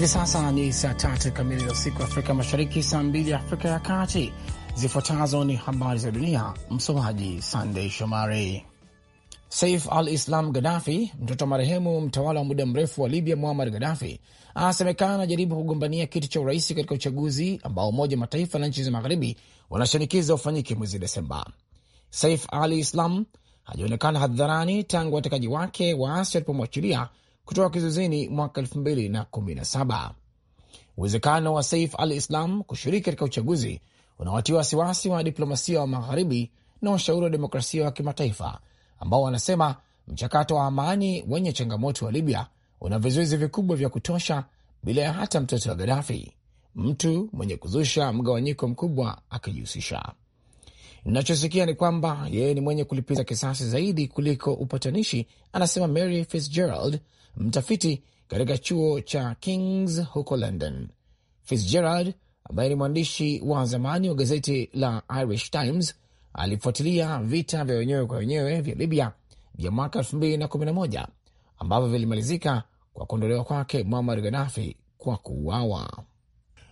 Hivi sasa ni saa tatu kamili za usiku Afrika Mashariki, saa mbili Afrika ya Kati. Zifuatazo ni habari za dunia, msomaji Sandei Shomari. Saif al Islam Gaddafi, mtoto wa marehemu mtawala wa muda mrefu wa Libya Muammar Gaddafi, anasemekana anajaribu kugombania kiti cha urais katika uchaguzi ambao Umoja wa Mataifa na nchi za magharibi wanashinikiza ufanyike mwezi Desemba. Saif al Islam hajaonekana hadharani tangu watekaji wake waasi walipomwachilia kutoka kizuizini mwaka 2017. Uwezekano wa Saif al-Islam kushiriki katika uchaguzi unawatia wasiwasi wa diplomasia wa magharibi na washauri wa demokrasia wa kimataifa ambao wanasema mchakato wa amani wenye changamoto wa Libya una vizuizi vikubwa vya kutosha bila ya hata mtoto wa gadafi mtu mwenye kuzusha mgawanyiko mkubwa akijihusisha. Nachosikia ni kwamba yeye ni mwenye kulipiza kisasi zaidi kuliko upatanishi, anasema Mary Fitzgerald, mtafiti katika chuo cha Kings huko London. Fitzgerald ambaye ni mwandishi wa zamani wa gazeti la Irish Times alifuatilia vita vya wenyewe kwa wenyewe vya Libya vya mwaka elfu mbili na kumi na moja ambavyo vilimalizika kwa kuondolewa kwake Muammar Gaddafi kwa kuuawa.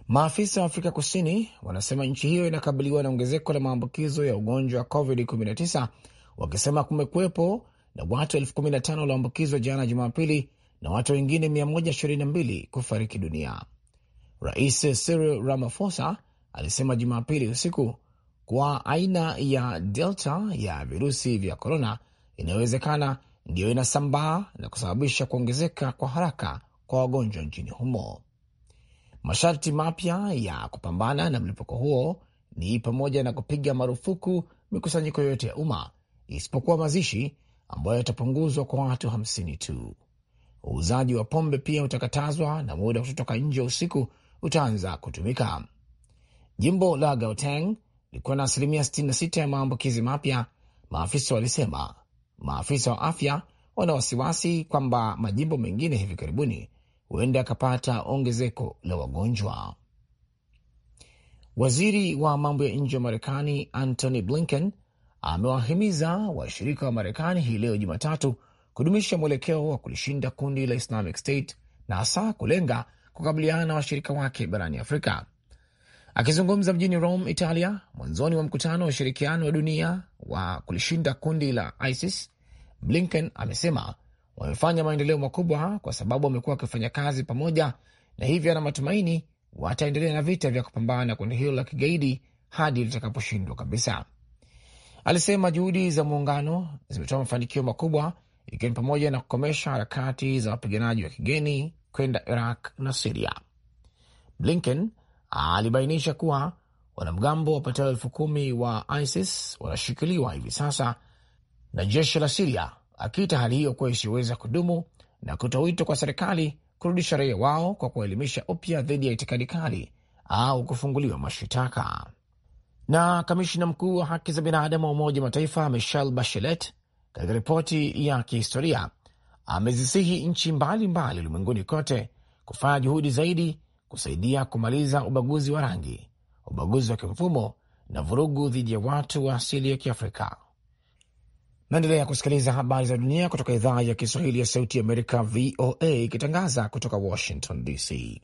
Maafisa wa Afrika Kusini wanasema nchi hiyo inakabiliwa na ongezeko la maambukizo ya ugonjwa wa COVID-19, wakisema kumekuwepo na watu elfu 15 walioambukizwa jana Jumapili na watu wengine 122 kufariki dunia. Rais Cyril Ramaphosa alisema Jumapili usiku kuwa aina ya delta ya virusi vya korona inayowezekana ndiyo inasambaa na kusababisha kuongezeka kwa haraka kwa wagonjwa nchini humo. Masharti mapya ya kupambana na mlipuko huo ni pamoja na kupiga marufuku mikusanyiko yoyote ya umma isipokuwa mazishi ambayo yatapunguzwa kwa watu hamsini tu. Uuzaji wa pombe pia utakatazwa na muda wa kutotoka nje usiku utaanza kutumika. Jimbo la Gauteng likuwa na asilimia 66 ya maambukizi mapya, maafisa walisema. Maafisa wa afya wana wasiwasi kwamba majimbo mengine hivi karibuni huenda yakapata ongezeko la wagonjwa. Waziri wa mambo ya nje wa Marekani Antony Blinken amewahimiza washirika wa Marekani hii leo Jumatatu kudumisha mwelekeo wa kulishinda kundi la Islamic State na hasa kulenga kukabiliana na washirika wake barani Afrika. Akizungumza mjini Rome, Italia, mwanzoni wa mkutano wa ushirikiano wa dunia wa kulishinda kundi la ISIS, Blinken amesema wamefanya maendeleo makubwa kwa sababu wamekuwa wakifanya kazi pamoja, na hivyo ana matumaini wataendelea na vita vya kupambana na kundi hilo la kigaidi hadi litakaposhindwa kabisa. Alisema juhudi za muungano zimetoa mafanikio makubwa, ikiwa ni pamoja na kukomesha harakati za wapiganaji wa kigeni kwenda Iraq na Siria. Blinken alibainisha kuwa wanamgambo wapatao elfu kumi wa ISIS wanashikiliwa hivi sasa na jeshi la Siria, akiita hali hiyo kuwa isiyoweza kudumu na kutoa wito kwa serikali kurudisha raia wao kwa kuwaelimisha upya dhidi ya itikadi kali au kufunguliwa mashitaka. Na kamishina mkuu wa haki za binadamu wa Umoja Mataifa Michelle Bachelet katika ripoti ya kihistoria amezisihi nchi mbalimbali ulimwenguni kote kufanya juhudi zaidi kusaidia kumaliza ubaguzi wa rangi, ubaguzi wa kimfumo na vurugu dhidi ya watu wa asili ya Kiafrika. Naendelea kusikiliza habari za dunia kutoka idhaa ya Kiswahili ya Sauti ya Amerika, VOA, ikitangaza kutoka Washington DC.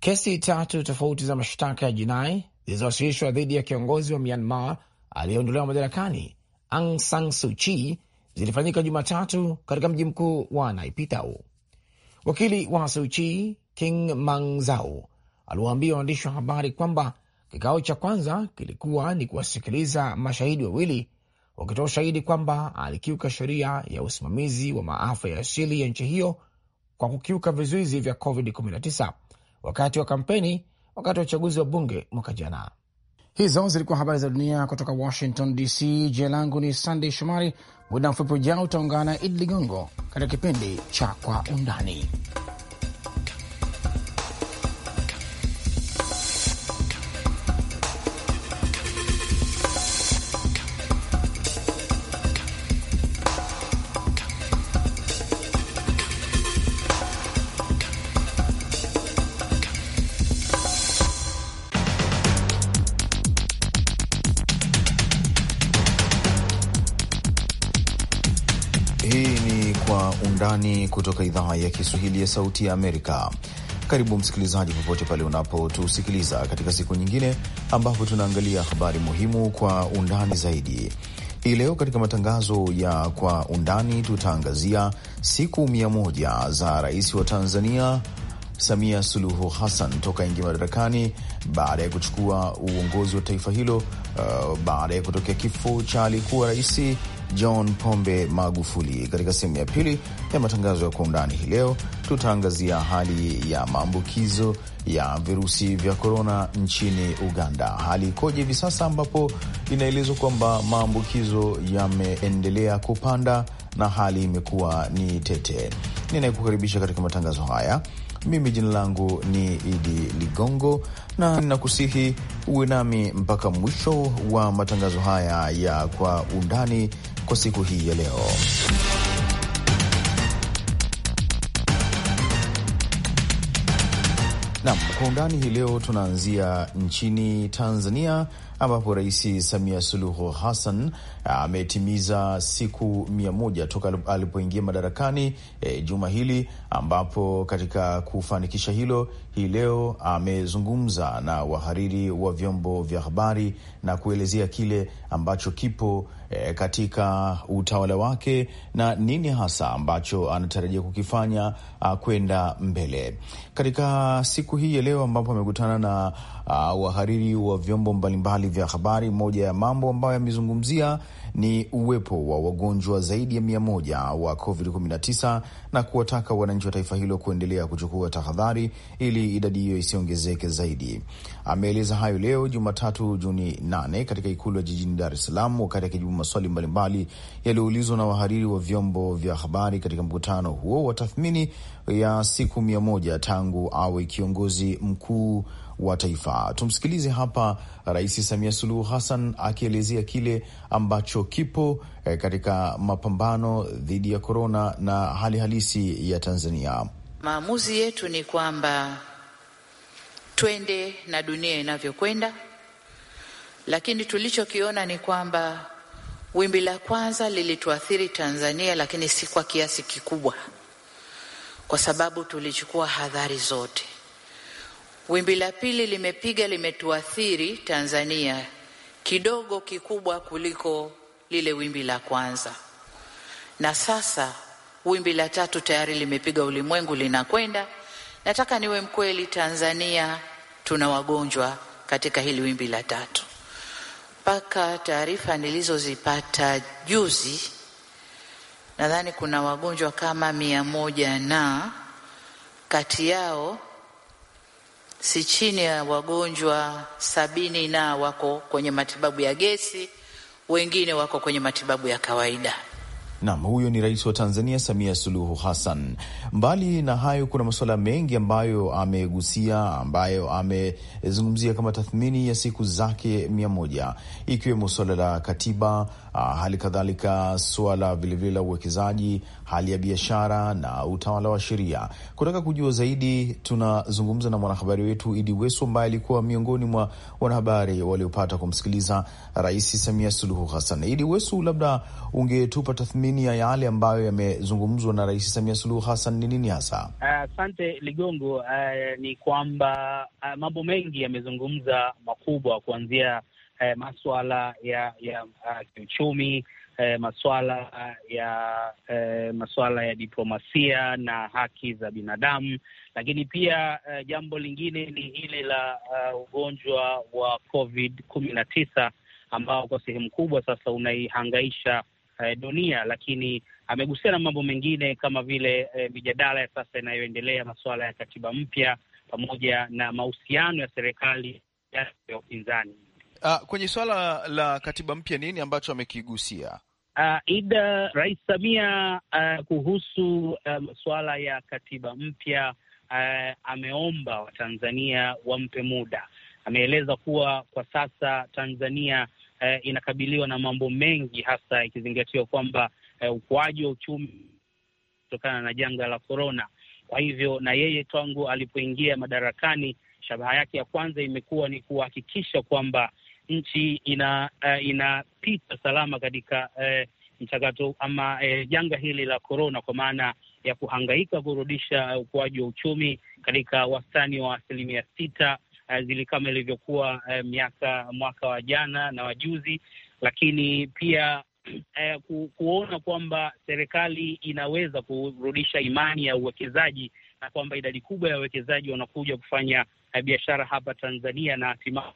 Kesi tatu tofauti za mashtaka ya jinai zilizowasilishwa dhidi ya kiongozi wa Myanmar aliyeondolewa madarakani Aung San Suu Kyi zilifanyika Jumatatu katika mji mkuu wa Naipitau. Wakili wa Suu Kyi King Mangzau aliwaambia waandishi wa habari kwamba kikao cha kwanza kilikuwa ni kuwasikiliza mashahidi wawili wakitoa ushahidi kwamba alikiuka sheria ya usimamizi wa maafa ya asili ya nchi hiyo kwa kukiuka vizuizi vya COVID-19 wakati wa kampeni wakati wa uchaguzi wa bunge mwaka jana. Hizo zilikuwa habari za dunia kutoka Washington DC. Jina langu ni Sandey Shomari. Muda mfupi ujao utaungana na Idi Ligongo katika kipindi cha Kwa Undani. kutoka idhaa ya Kiswahili ya Sauti ya Amerika. Karibu msikilizaji, popote pale unapotusikiliza katika siku nyingine ambapo tunaangalia habari muhimu kwa undani zaidi. Hii leo katika matangazo ya kwa undani tutaangazia siku mia moja za rais wa Tanzania Samia Suluhu Hassan toka ingia madarakani baada ya kuchukua uongozi wa taifa hilo, uh, baada ya kutokea kifo cha aliyekuwa rais John Pombe Magufuli. Katika sehemu ya pili ya matangazo ya kwa undani hii leo, tutaangazia hali ya maambukizo ya virusi vya korona nchini Uganda. Hali ikoje hivi sasa, ambapo inaelezwa kwamba maambukizo yameendelea kupanda na hali imekuwa ni tete. Ninayekukaribisha katika matangazo haya mimi jina langu ni Idi Ligongo na ninakusihi uwe nami mpaka mwisho wa matangazo haya ya kwa undani kwa siku hii ya leo. Nam, kwa undani hii leo tunaanzia nchini Tanzania ambapo Rais Samia Suluhu Hassan ametimiza siku mia moja toka alipoingia madarakani e, juma hili, ambapo katika kufanikisha hilo hii leo amezungumza na wahariri wa vyombo vya habari na kuelezea kile ambacho kipo e, katika utawala wake na nini hasa ambacho anatarajia kukifanya kwenda mbele katika siku hii ya leo, ambapo amekutana na a, wahariri wa vyombo mbalimbali vya habari. Moja ya mambo ambayo amezungumzia ni uwepo wa wagonjwa zaidi ya mia moja wa COVID-19 na kuwataka wananchi wa taifa hilo kuendelea kuchukua tahadhari ili idadi hiyo isiongezeke zaidi. Ameeleza hayo leo Jumatatu Juni 8 katika ikulu ya jijini Dar es Salaam wakati akijibu maswali mbalimbali yaliyoulizwa na wahariri wa vyombo vya habari katika mkutano huo wa tathmini ya siku mia moja tangu awe kiongozi mkuu wa taifa. Tumsikilize hapa Rais Samia Suluhu Hassan akielezea kile ambacho kipo eh, katika mapambano dhidi ya korona na hali halisi ya Tanzania. Maamuzi yetu ni kwamba twende na dunia inavyokwenda, lakini tulichokiona ni kwamba wimbi la kwanza lilituathiri Tanzania, lakini si kwa kiasi kikubwa, kwa sababu tulichukua hadhari zote. Wimbi la pili limepiga, limetuathiri Tanzania kidogo kikubwa kuliko lile wimbi la kwanza, na sasa wimbi la tatu tayari limepiga ulimwengu, linakwenda. Nataka niwe mkweli, Tanzania tuna wagonjwa katika hili wimbi la tatu. Mpaka taarifa nilizozipata juzi, nadhani kuna wagonjwa kama mia moja na kati yao si chini ya wagonjwa sabini na wako kwenye matibabu ya gesi, wengine wako kwenye matibabu ya kawaida. Nam, huyo ni Rais wa Tanzania Samia Suluhu Hassan. Mbali na hayo, kuna masuala mengi ambayo amegusia, ambayo amezungumzia kama tathmini ya siku zake mia moja, ikiwemo suala la katiba, ah, hali kadhalika suala vilevile la uwekezaji hali ya biashara na utawala wa sheria. Kutaka kujua zaidi, tunazungumza na mwanahabari wetu Idi Wesu ambaye alikuwa miongoni mwa wanahabari waliopata kumsikiliza Rais Samia Suluhu Hassan. Idi Wesu, labda ungetupa tathmini ya yale ambayo yamezungumzwa na Rais Samia Suluhu Hassan ni nini hasa? Asante uh, Ligongo. Uh, ni kwamba uh, mambo mengi yamezungumza makubwa kuanzia uh, maswala ya, ya uh, kiuchumi eh, masuala ya eh, masuala ya diplomasia na haki za binadamu, lakini pia eh, jambo lingine ni hili la uh, ugonjwa wa COVID kumi na tisa ambao kwa sehemu kubwa sasa unaihangaisha eh, dunia, lakini amegusia na mambo mengine kama vile eh, mijadala ya sasa inayoendelea, masuala ya katiba mpya pamoja na mahusiano ya serikali ya upinzani. Uh, kwenye suala la katiba mpya nini ambacho amekigusia Uh, ida Rais Samia uh, kuhusu masuala um, ya katiba mpya uh, ameomba Watanzania wampe muda. Ameeleza kuwa kwa sasa Tanzania uh, inakabiliwa na mambo mengi, hasa ikizingatiwa kwamba eh, ukuaji wa uchumi kutokana na janga la korona. Kwa hivyo na yeye tangu alipoingia madarakani, shabaha yake ya kwanza imekuwa ni kuhakikisha kwamba nchi ina uh, inapita salama katika uh, mchakato ama uh, janga hili la korona, kwa maana ya kuhangaika kurudisha ukuaji wa uchumi katika wastani wa asilimia sita uh, zili kama ilivyokuwa uh, miaka mwaka wa jana na wajuzi, lakini pia uh, ku, kuona kwamba serikali inaweza kurudisha imani ya uwekezaji na kwamba idadi kubwa ya wawekezaji wanakuja kufanya biashara hapa Tanzania na hatimaye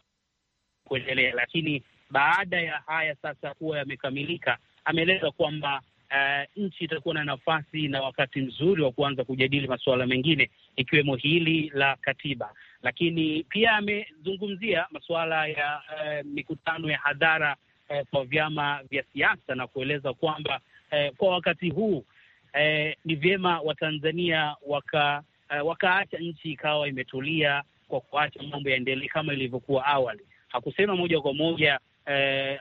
kuendelea, lakini baada ya haya sasa kuwa yamekamilika, ameeleza kwamba uh, nchi itakuwa na nafasi na wakati mzuri wa kuanza kujadili masuala mengine ikiwemo hili la katiba, lakini pia amezungumzia masuala ya uh, mikutano ya hadhara uh, kwa vyama vya siasa na kueleza kwamba uh, kwa wakati huu uh, ni vyema Watanzania waka uh, wakaacha nchi ikawa imetulia kwa kuacha mambo yaendelee kama ilivyokuwa awali hakusema moja kwa moja eh,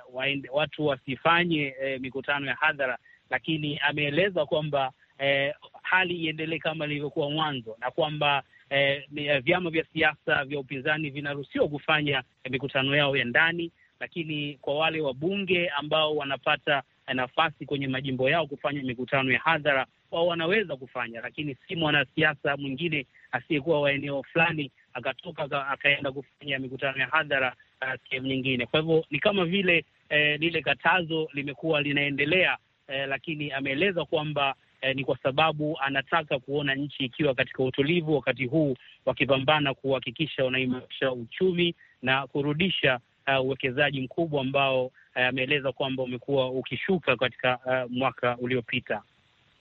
watu wasifanye eh, mikutano ya hadhara, lakini ameeleza kwamba eh, hali iendelee kama ilivyokuwa mwanzo na kwamba eh, eh vyama vya siasa vya upinzani vinaruhusiwa kufanya eh, mikutano yao ya ndani, lakini kwa wale wabunge ambao wanapata nafasi kwenye majimbo yao kufanya mikutano ya hadhara wao wanaweza kufanya, lakini si mwanasiasa mwingine asiyekuwa wa eneo fulani akatoka akaenda kufanya mikutano ya hadhara Uh, sehemu nyingine. Kwa hivyo ni kama vile eh, lile katazo limekuwa linaendelea eh, lakini ameeleza kwamba eh, ni kwa sababu anataka kuona nchi ikiwa katika utulivu wakati huu wakipambana kuhakikisha wanaimarisha uchumi na kurudisha uh, uwekezaji mkubwa ambao eh, ameeleza uh, kwamba umekuwa ukishuka katika uh, mwaka uliopita.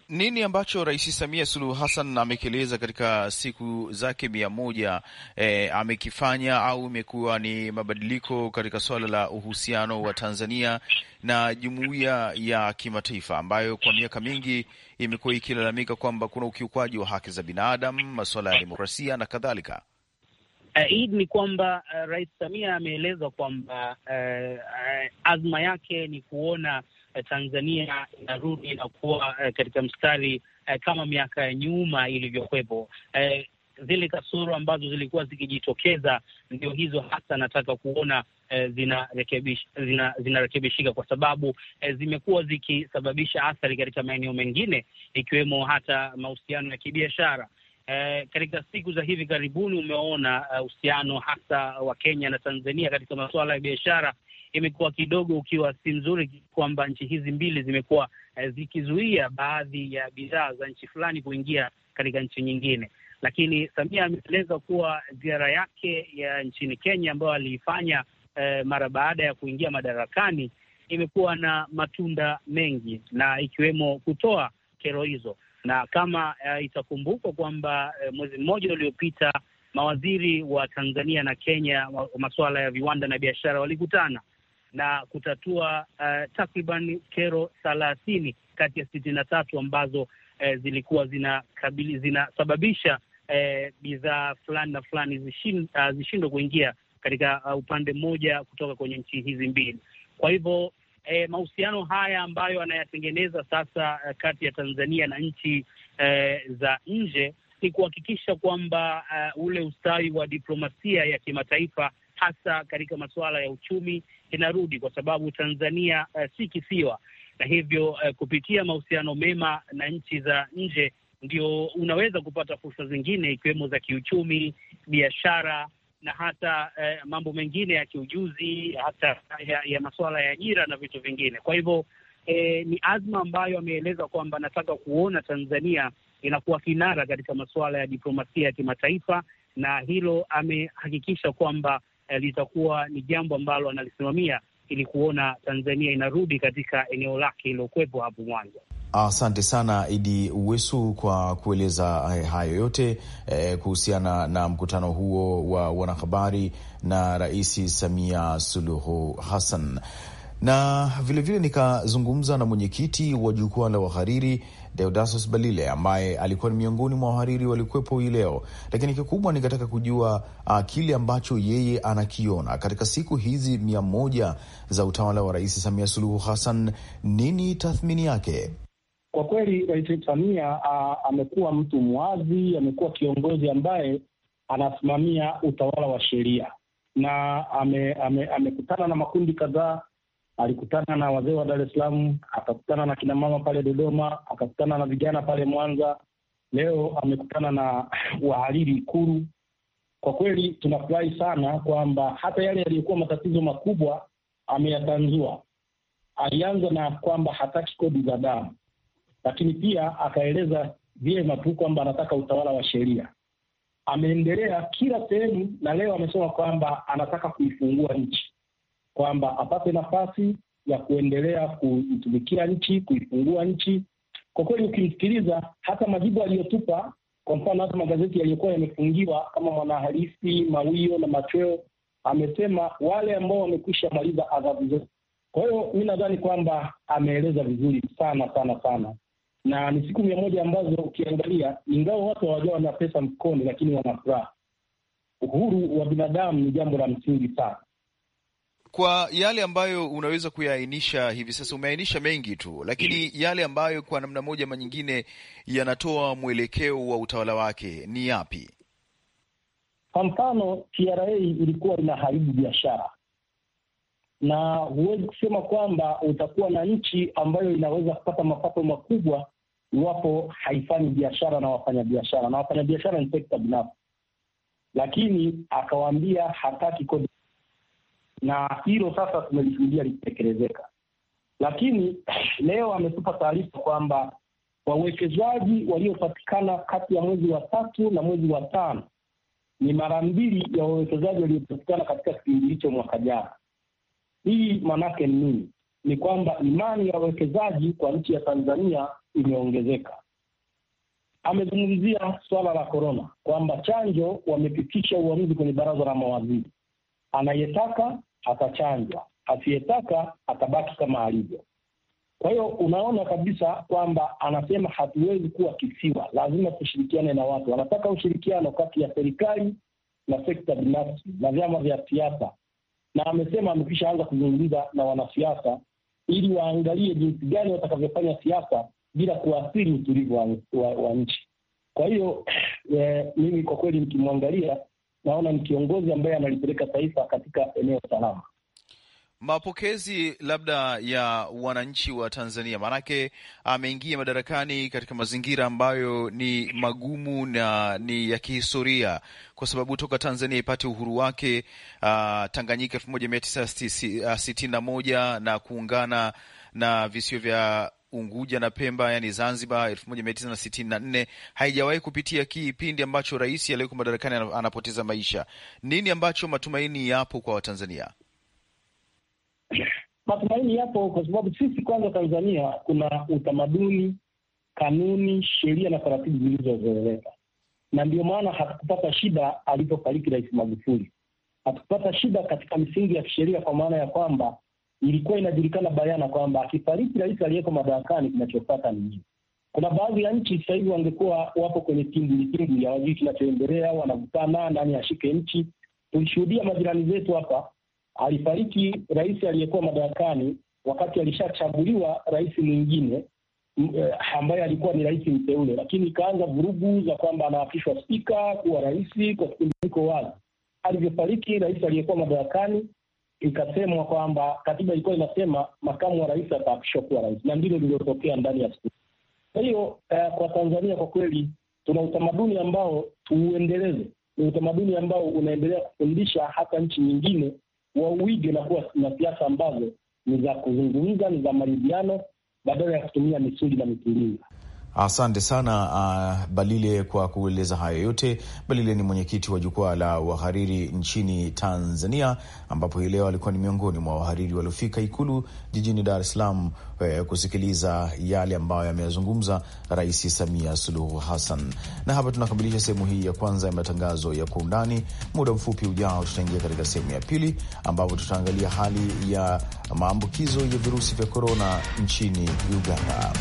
Nini ambacho Rais Samia Suluhu Hassan amekieleza katika siku zake mia moja e, amekifanya au imekuwa ni mabadiliko katika suala la uhusiano wa Tanzania na jumuiya ya kimataifa ambayo kwa miaka mingi imekuwa ikilalamika kwamba kuna ukiukwaji wa haki za binadamu, masuala ya demokrasia na kadhalika? Uh, hii ni kwamba uh, Rais Samia ameeleza kwamba uh, uh, azma yake ni kuona Eh, Tanzania inarudi na kuwa eh, katika mstari eh, kama miaka ya nyuma ilivyokuwepo. Zile kasoro ambazo zilikuwa zikijitokeza ndio hizo hasa nataka kuona eh, zinarekebishika zina, zina kwa sababu eh, zimekuwa zikisababisha athari katika maeneo mengine ikiwemo hata mahusiano ya kibiashara. Eh, katika siku za hivi karibuni umeona uhusiano hasa wa Kenya na Tanzania katika masuala ya biashara imekuwa kidogo ukiwa si mzuri, kwamba nchi hizi mbili zimekuwa eh, zikizuia baadhi ya bidhaa za nchi fulani kuingia katika nchi nyingine. Lakini Samia ameeleza kuwa ziara yake ya nchini Kenya ambayo aliifanya eh, mara baada ya kuingia madarakani imekuwa na matunda mengi na ikiwemo kutoa kero hizo, na kama eh, itakumbukwa kwamba eh, mwezi mmoja uliopita mawaziri wa Tanzania na Kenya wa masuala ya viwanda na biashara walikutana na kutatua uh, takriban kero thelathini kati ya sitini na tatu ambazo uh, zilikuwa zinakabili zinasababisha uh, bidhaa fulani na fulani zishindwe uh, kuingia katika uh, upande mmoja kutoka kwenye nchi hizi mbili. Kwa hivyo E, mahusiano haya ambayo anayatengeneza sasa kati ya Tanzania na nchi e, za nje ni kuhakikisha kwamba uh, ule ustawi wa diplomasia ya kimataifa hasa katika masuala ya uchumi kinarudi, kwa sababu Tanzania uh, si kisiwa, na hivyo uh, kupitia mahusiano mema na nchi za nje ndio unaweza kupata fursa zingine ikiwemo za kiuchumi, biashara na hata eh, mambo mengine ya kiujuzi hata ya, ya masuala ya ajira na vitu vingine. Kwa hivyo eh, ni azma ambayo ameeleza kwamba anataka kuona Tanzania inakuwa kinara katika masuala ya diplomasia ya kimataifa, na hilo amehakikisha kwamba Eh, litakuwa ni jambo ambalo analisimamia ili kuona Tanzania inarudi katika eneo lake iliyokuwepo hapo mwanzo. Asante sana Idi Uwesu kwa kueleza eh, hayo yote eh, kuhusiana na mkutano huo wa wanahabari na Rais Samia Suluhu Hassan na vilevile nikazungumza na mwenyekiti wa jukwaa la wahariri Deodatus Balile ambaye alikuwa ni miongoni mwa wahariri walikuwepo hii leo, lakini kikubwa nikataka kujua uh, kile ambacho yeye anakiona katika siku hizi mia moja za utawala wa Rais Samia Suluhu Hassan. Nini tathmini yake? Kwa kweli Rais Samia uh, amekuwa mtu mwazi, amekuwa kiongozi ambaye anasimamia utawala wa sheria na amekutana ame, ame na makundi kadhaa alikutana na wazee wa Dar es Salaam, akakutana na kinamama pale Dodoma, akakutana na vijana pale Mwanza, leo amekutana na wahariri Ikulu. Kwa kweli tunafurahi sana kwamba hata yale yaliyokuwa matatizo makubwa ameyatanzua. Alianza na kwamba hataki kodi za damu, lakini pia akaeleza vyema tu kwamba anataka utawala wa sheria. Ameendelea kila sehemu, na leo amesema kwamba anataka kuifungua nchi kwamba apate nafasi ya kuendelea kuitumikia nchi, kuifungua nchi. Kwa kweli, ukimsikiliza hata majibu aliyotupa, kwa mfano hata magazeti yaliyokuwa yamefungiwa kama Mwanahalisi, Mawio na Machweo, amesema wale ambao wamekwisha maliza adhabu zote. Kwa hiyo mi nadhani kwamba ameeleza vizuri sana sana sana, na ni siku mia moja ambazo ukiangalia, ingawa watu hawajawa na pesa mkoni, lakini wanafuraha Uhuru wa binadamu ni jambo la msingi sana kwa yale ambayo unaweza kuyaainisha hivi sasa, umeainisha mengi tu, lakini yale ambayo kwa namna moja ama nyingine yanatoa mwelekeo wa utawala wake ni yapi? Kwa mfano, TRA ilikuwa inaharibu biashara, na huwezi kusema kwamba utakuwa na nchi ambayo inaweza kupata mapato makubwa iwapo haifanyi biashara na wafanyabiashara, na wafanyabiashara ni sekta binafsi. Lakini akawaambia hataki kodi na hilo sasa tumelishuhudia likitekelezeka. Lakini leo ametupa taarifa kwamba wawekezaji waliopatikana kati ya mwezi wa tatu na mwezi wa tano ni mara mbili ya wawekezaji waliopatikana katika kipindi hicho mwaka jana. Hii maanake ni nini? Ni kwamba imani ya wawekezaji kwa nchi ya Tanzania imeongezeka. Amezungumzia suala la korona kwamba chanjo wamepitisha uamuzi kwenye baraza la mawaziri, anayetaka atachanjwa asiyetaka atabaki kama alivyo. Kwa hiyo unaona kabisa kwamba anasema hatuwezi kuwa kisiwa, lazima tushirikiane na watu. Anataka ushirikiano kati ya serikali na sekta binafsi na vyama vya siasa, na amesema amekwisha anza kuzungumza na wanasiasa ili waangalie jinsi gani watakavyofanya siasa bila kuathiri utulivu wa, wa, wa nchi. Kwa hiyo eh, mimi kwa kweli nikimwangalia naona ni kiongozi ambaye analipeleka taifa katika eneo salama. Mapokezi labda ya wananchi wa Tanzania, maanake ameingia madarakani katika mazingira ambayo ni magumu na ni ya kihistoria, kwa sababu toka Tanzania ipate uhuru wake uh, Tanganyika elfu moja mia tisa ah, sitini na moja na kuungana na visio vya Unguja na Pemba, yani Zanzibar 1964 haijawahi kupitia kipindi ambacho rais aliyeko madarakani anapoteza maisha. Nini ambacho matumaini yapo kwa Watanzania? Matumaini yapo kwa sababu sisi kwanza, Tanzania kuna utamaduni, kanuni, sheria na taratibu zilizozoeleka, na ndio maana hatukupata shida alipofariki Rais Magufuli. Hatukupata shida katika misingi ya kisheria, kwa maana ya kwamba ilikuwa inajulikana bayana kwamba akifariki rais aliyeko madarakani, kinachofata ni nini. Kuna baadhi ya nchi sasa hivi wangekuwa wapo kwenye tingulitinguli, hawajui kinachoendelea, wanavutana nani ashike nchi. Tulishuhudia majirani zetu hapa, alifariki rais aliyekuwa madarakani wakati alishachaguliwa rais mwingine eh, ambaye alikuwa ni rais mteule, lakini ikaanza vurugu za kwamba anaapishwa spika kuwa rais kwa kipindi iko wazi. Alivyofariki rais aliyekuwa madarakani, ikasemwa kwamba katiba ilikuwa inasema makamu wa rais ataapishwa kuwa rais, na ndilo lililotokea ndani ya siku. Kwa hiyo uh, kwa Tanzania kwa kweli tuna utamaduni ambao tuuendeleze, ni utamaduni ambao unaendelea kufundisha hata nchi nyingine wauige na kuwa na siasa ambazo ni za kuzungumza, ni za maridhiano badala ya kutumia misuli na mipilinga. Asante sana uh, Balile kwa kueleza hayo yote. Balile ni mwenyekiti wa jukwaa la wahariri nchini Tanzania, ambapo hii leo alikuwa ni miongoni mwa wahariri waliofika Ikulu jijini Dar es Salaam eh, kusikiliza yale ambayo yameyazungumza Rais Samia Suluhu Hassan. Na hapa tunakamilisha sehemu hii ya kwanza ya matangazo ya Kwa Undani. Muda mfupi ujao, tutaingia katika sehemu ya pili, ambapo tutaangalia hali ya maambukizo ya virusi vya korona nchini Uganda.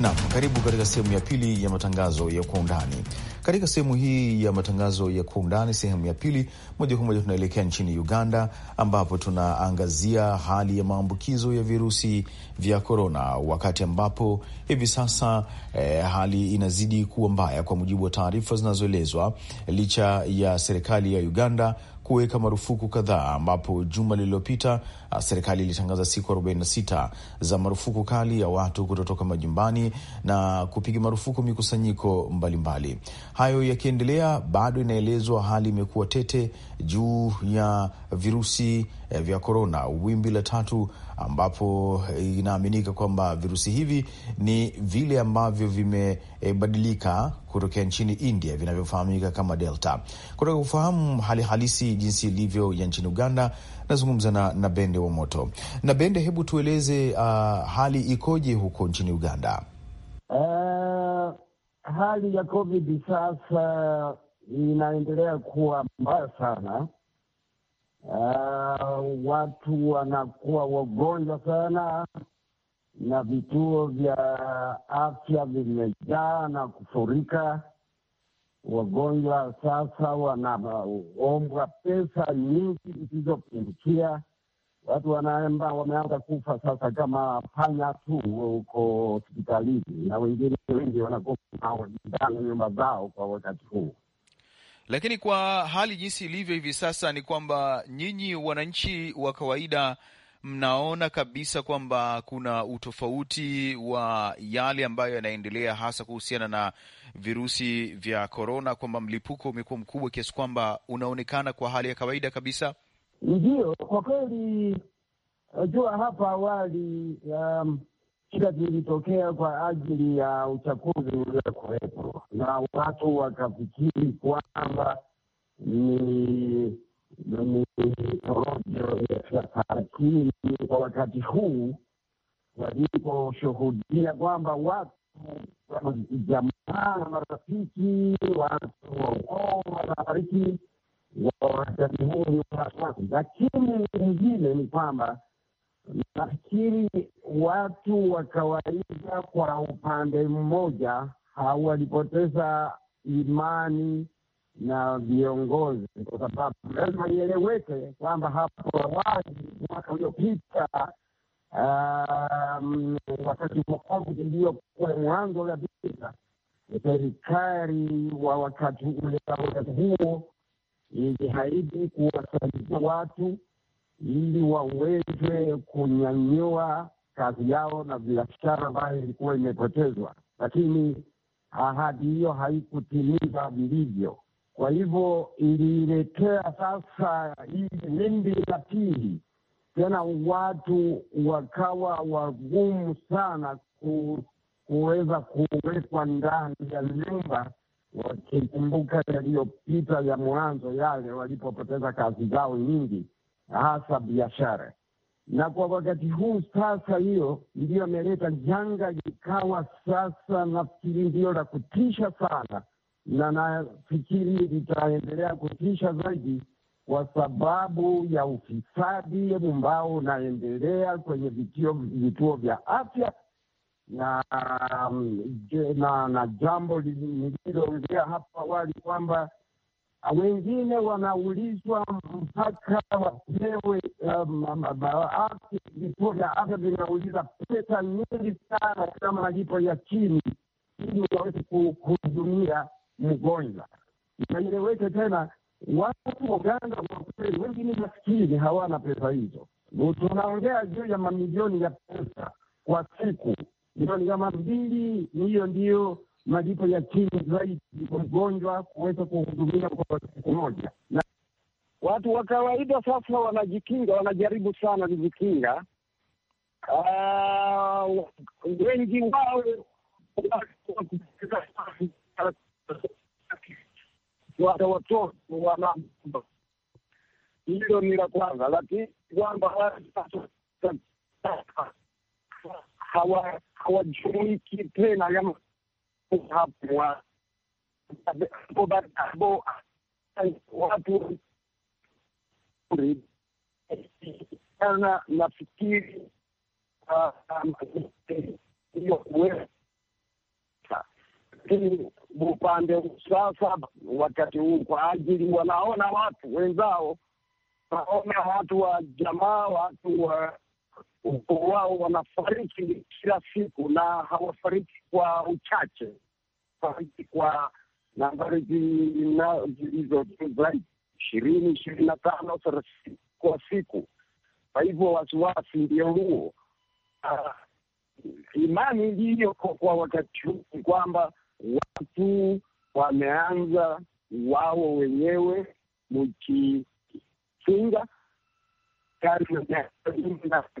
Nam, karibu katika sehemu ya pili ya matangazo ya kwa undani. Katika sehemu hii ya matangazo ya kwa undani, sehemu ya pili, moja kwa moja tunaelekea nchini Uganda, ambapo tunaangazia hali ya maambukizo ya virusi vya korona, wakati ambapo hivi sasa eh, hali inazidi kuwa mbaya kwa mujibu wa taarifa zinazoelezwa, licha ya serikali ya Uganda kuweka marufuku kadhaa, ambapo juma lililopita Uh, serikali ilitangaza siku 46 za marufuku kali ya watu kutotoka majumbani na kupiga marufuku mikusanyiko mbalimbali. Hayo yakiendelea, bado inaelezwa hali imekuwa tete juu ya virusi eh, vya korona, wimbi la tatu, ambapo eh, inaaminika kwamba virusi hivi ni vile ambavyo vimebadilika eh, kutokea nchini India vinavyofahamika kama Delta. Kutaka kufahamu hali halisi jinsi ilivyo ya nchini Uganda, nazungumza na, na Bende wa moto. Na Bende, hebu tueleze uh, hali ikoje huko nchini Uganda? Uh, hali ya COVID sasa inaendelea kuwa mbaya sana. Uh, watu wanakuwa wagonjwa sana na vituo vya afya vimejaa na kufurika. Wagonjwa sasa wanaombwa pesa nyingi zisizopindikia Watu wanaemba wameanza kufa sasa kama panya tu huko hospitalini, na wengine wengi wanakufa ndani nyumba zao kwa wakati huu. Lakini kwa hali jinsi ilivyo hivi sasa ni kwamba nyinyi wananchi wa kawaida mnaona kabisa kwamba kuna utofauti wa yale ambayo yanaendelea hasa kuhusiana na virusi vya korona, kwamba mlipuko umekuwa mkubwa kiasi kwamba unaonekana kwa hali ya kawaida kabisa ndio kwa kweli eh, jua hapa awali um, shida um, zilitokea kwa ajili ya uchaguzi uliokuwepo, na watu wakafikiri kwamba ni ni porojo ya lakini kwa wakati huu waliposhuhudia kwamba watu jamaa na marafiki watu wa ukoo wanafariki wa wakati huu ni watu, lakini lingine ni kwamba nafikiri watu wa kawaida kwa upande mmoja hawalipoteza imani na viongozi, kwa sababu lazima ieleweke kwamba hapo awali mwaka uliopita um, wakati wa COVID iliyokuwa mwanzo kabisa serikali wa wakati ule wakati huo ilijaribu kuwasaidia watu ili waweze kunyanyua kazi yao na biashara ambayo ilikuwa imepotezwa, lakini ahadi hiyo haikutimiza vilivyo. Kwa hivyo ililetea sasa hii mimbi la pili, tena watu wakawa wagumu sana ku, kuweza kuwekwa ndani ya nyumba wakikumbuka yaliyopita ya mwanzo, yale walipopoteza kazi zao nyingi, hasa biashara. Na kwa wakati huu sasa, hiyo ndiyo ameleta janga likawa sasa, nafikiri ndiyo la kutisha sana, na nafikiri litaendelea kutisha zaidi kwa sababu ya ufisadi ambao unaendelea kwenye vituo vya afya na, um, na, na jambo nililoongea hapa awali kwamba uh, wengine wanaulizwa mpaka wapewe um, vituo vya afya, vinauliza pesa nyingi sana kama malipo ya chini, ili waweze kuhudumia mgonjwa. Naeleweke tena, watu uganda kwa kweli wengi ni maskini, hawana pesa hizo. Tunaongea juu ya mamilioni ya pesa kwa siku milioni kama mbili. Hiyo ndiyo malipo ya chini zaidi kwa mgonjwa kuweza kuhudumia kwa siku moja, na watu wa kawaida sasa wanajikinga, wanajaribu sana kujikinga. Uh, wengi wao wata watoto wana hilo ni la kwanza, lakini kwamba hawajumuiki tena yama hapo watu nafikiri ah, ah, upande sasa, wakati huu kwa ajili wanaona watu wenzao, wanaona watu wa jamaa, watu wa ukoo wao wanafariki kila siku, na hawafariki kwa uchache, fariki kwa nambari zilizo zaidi ishirini, ishirini na tano, thelathini kwa siku. Kwa hivyo wasiwasi ndio huo. Uh, imani iliyoko kwa wakati huu ni kwamba watu wameanza wao wenyewe mkikinga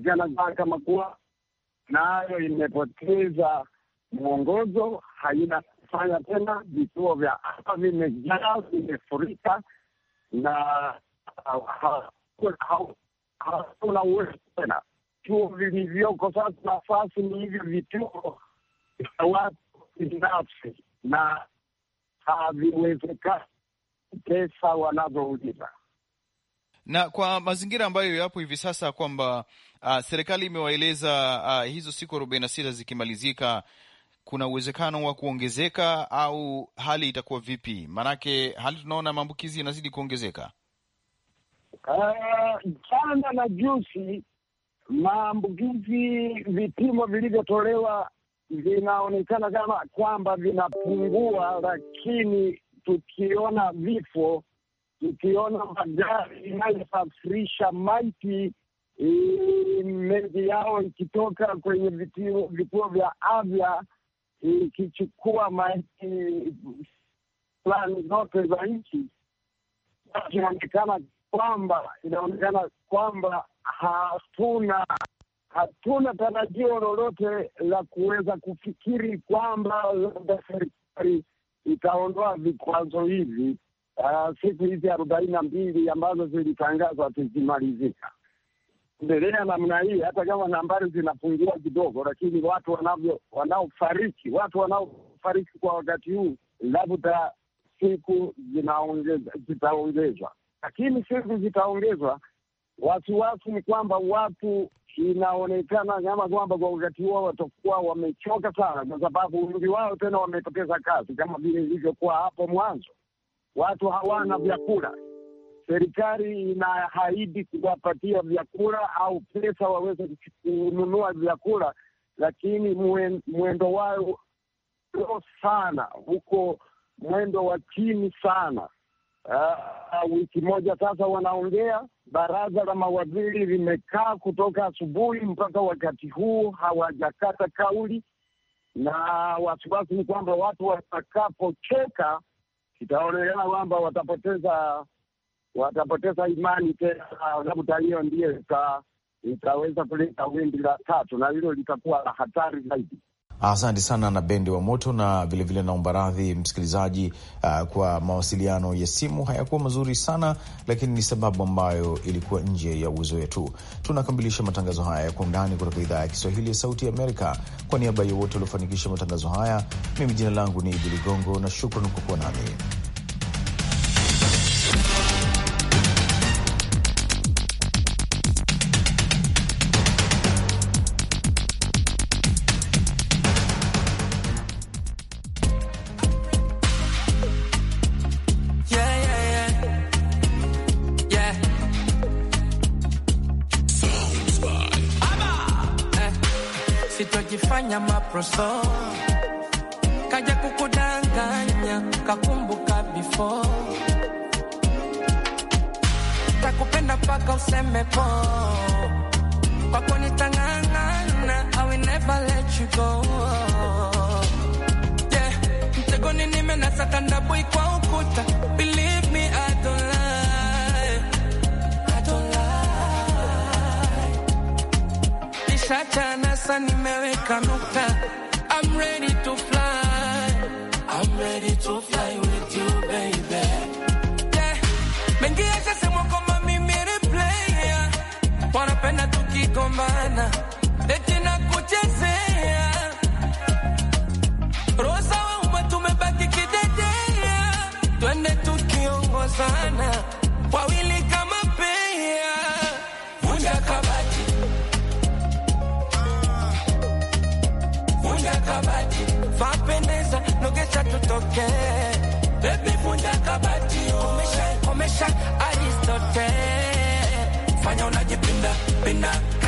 Janaaka makua nayo imepoteza mwongozo, haina kufanya tena. Vituo vya hapa vimejaa, vimefurika na hakuna ah, uwezo tena. Vituo vilivyoko sasa, nafasi ni hivyo vituo vya watu binafsi, na haviwezekani pesa wanazouliza na kwa mazingira ambayo yapo hivi sasa kwamba uh, serikali imewaeleza uh, hizo siku arobaini na sita zikimalizika kuna uwezekano wa kuongezeka au hali itakuwa vipi? Maanake hali tunaona maambukizi yanazidi kuongezeka. Ah, jana uh, na juzi maambukizi, vipimo vilivyotolewa vinaonekana kama kwamba vinapungua, lakini tukiona vifo tukiona magari inayosafirisha maiti e, mengi yao ikitoka kwenye vituo vya afya ikichukua maiti fulani zote za nchi, inaonekana kwamba inaonekana kwamba hatuna hatuna tarajio lolote la kuweza kufikiri kwamba labda serikali itaondoa vikwazo hivi uh, siku hizi arobaini na mbili ambazo zilitangazwa hazijamalizika. Endelea namna hii, hata kama nambari zinapungua kidogo, lakini watu wanavyo wanaofariki watu wanaofariki kwa wakati huu, labda siku zitaongezwa, lakini siku zitaongezwa. Wasiwasi ni kwamba watu inaonekana kama kwamba kwa wakati huo watakuwa wamechoka sana, kwa sababu wengi wao tena wamepoteza kazi kama vile ilivyokuwa hapo mwanzo watu hawana vyakula. Serikali inaahidi kuwapatia vyakula au pesa waweze kununua vyakula, lakini mwendo wao o sana huko, mwendo wa chini sana. Uh, wiki moja sasa wanaongea, baraza la mawaziri limekaa kutoka asubuhi mpaka wakati huu hawajakata kauli, na wasiwasi ni kwamba watu watakapocheka itaonekana kwamba watapoteza watapoteza imani tena, sababu hiyo ndiyo ikaweza kuleta wimbi la tatu, na hilo litakuwa la hatari zaidi. Asante sana na bendi wa moto, na vilevile naomba radhi msikilizaji, uh, kwa mawasiliano ya simu hayakuwa mazuri sana, lakini ni sababu ambayo ilikuwa nje ya uwezo wetu. Tunakamilisha matangazo haya ya kwa undani kutoka idhaa ya Kiswahili ya Sauti ya Amerika. Kwa niaba ya wote waliofanikisha matangazo haya, mimi jina langu ni Idi Ligongo na shukran kwa kuwa nami. Satanda boy kwa ukuta. Believe me, nimeweka nukta. I'm ready to fly. I'm ready to fly with you baby. Yeah. Mengi yashasemwa kama mimi ni player. Wanapenda tukigombana. Eti nakuchezea. sana wawili kama pea vunja kabati, vunja kabati, vapendeza nogesha tutoke, bebi vunja kabati, omesha omesha Aristote, fanya unajipenda penda